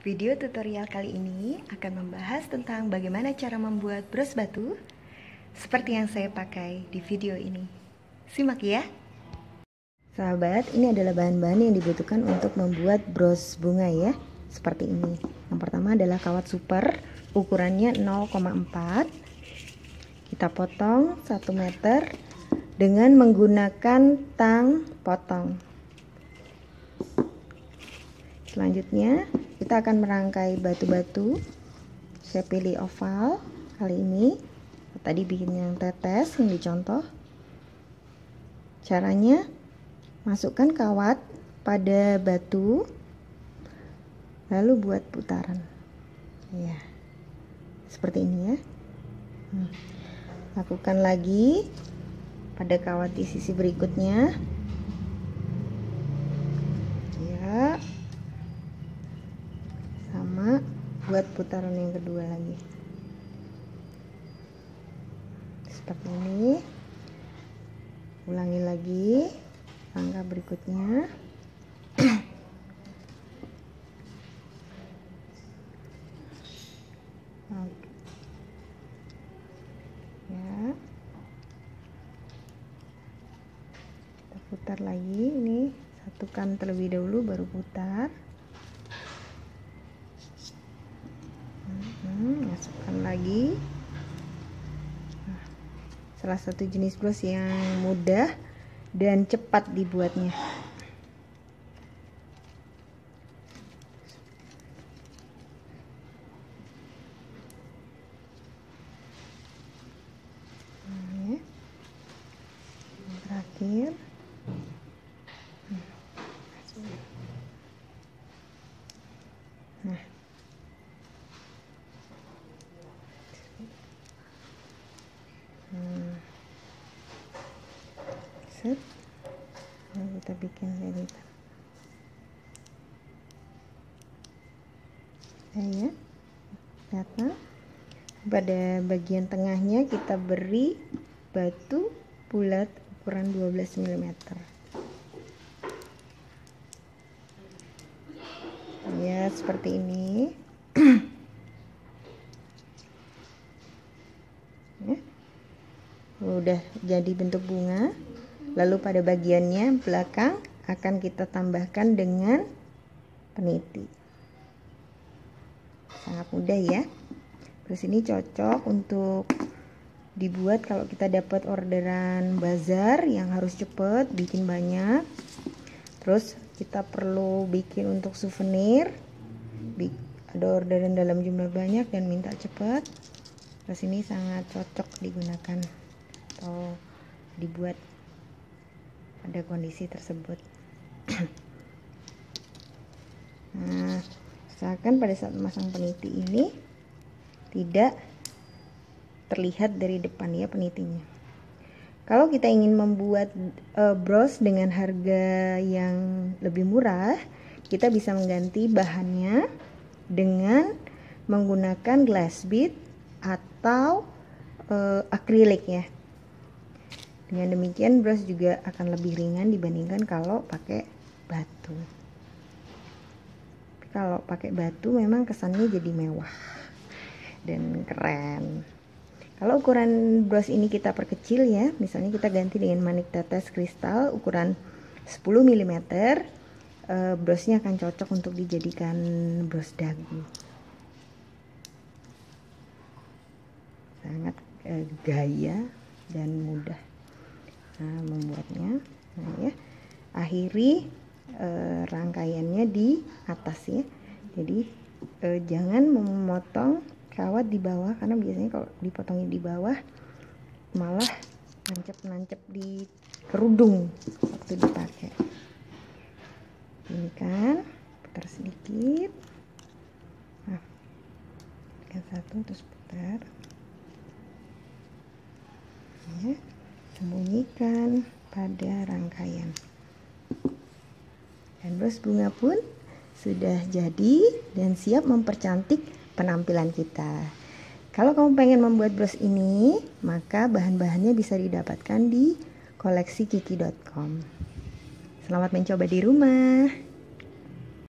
Video tutorial kali ini akan membahas tentang bagaimana cara membuat bros batu seperti yang saya pakai di video ini. Simak ya! Sahabat, ini adalah bahan-bahan yang dibutuhkan untuk membuat bros bunga ya, seperti ini. Yang pertama adalah kawat super, ukurannya 0,4. Kita potong 1 meter dengan menggunakan tang potong. Selanjutnya kita akan merangkai batu-batu saya pilih oval kali ini tadi bikin yang tetes yang dicontoh caranya masukkan kawat pada batu lalu buat putaran ya seperti ini ya hmm. lakukan lagi pada kawat di sisi berikutnya ya buat putaran yang kedua lagi seperti ini ulangi lagi langkah berikutnya ya kita putar lagi ini satukan terlebih dahulu baru putar hmm, masukkan lagi nah, salah satu jenis gloss yang mudah dan cepat dibuatnya terakhir set lalu kita bikin editor nah, ya pada bagian tengahnya kita beri batu bulat ukuran 12 mm ya seperti ini ya. udah jadi bentuk bunga Lalu pada bagiannya belakang akan kita tambahkan dengan peniti. Sangat mudah ya. Terus ini cocok untuk dibuat kalau kita dapat orderan bazar yang harus cepet bikin banyak. Terus kita perlu bikin untuk souvenir. Ada orderan dalam jumlah banyak dan minta cepet. Terus ini sangat cocok digunakan atau dibuat ada kondisi tersebut nah usahakan pada saat memasang peniti ini tidak terlihat dari depan ya penitinya kalau kita ingin membuat e, bros dengan harga yang lebih murah kita bisa mengganti bahannya dengan menggunakan glass bead atau e, akrilik ya dengan demikian brush juga akan lebih ringan dibandingkan kalau pakai batu. Tapi kalau pakai batu memang kesannya jadi mewah dan keren. Kalau ukuran brush ini kita perkecil ya, misalnya kita ganti dengan manik tetes kristal ukuran 10 mm, brosnya brushnya akan cocok untuk dijadikan brush dagu. Sangat eh, gaya dan mudah membuatnya nah ya akhiri e, rangkaiannya di atas ya jadi e, jangan memotong kawat di bawah karena biasanya kalau dipotongnya di bawah malah nancep-nancep di kerudung waktu dipakai ini kan putar sedikit nah satu terus putar ya sembunyikan pada rangkaian. Dan bros bunga pun sudah jadi dan siap mempercantik penampilan kita. Kalau kamu pengen membuat bros ini, maka bahan-bahannya bisa didapatkan di koleksi kiki.com. Selamat mencoba di rumah.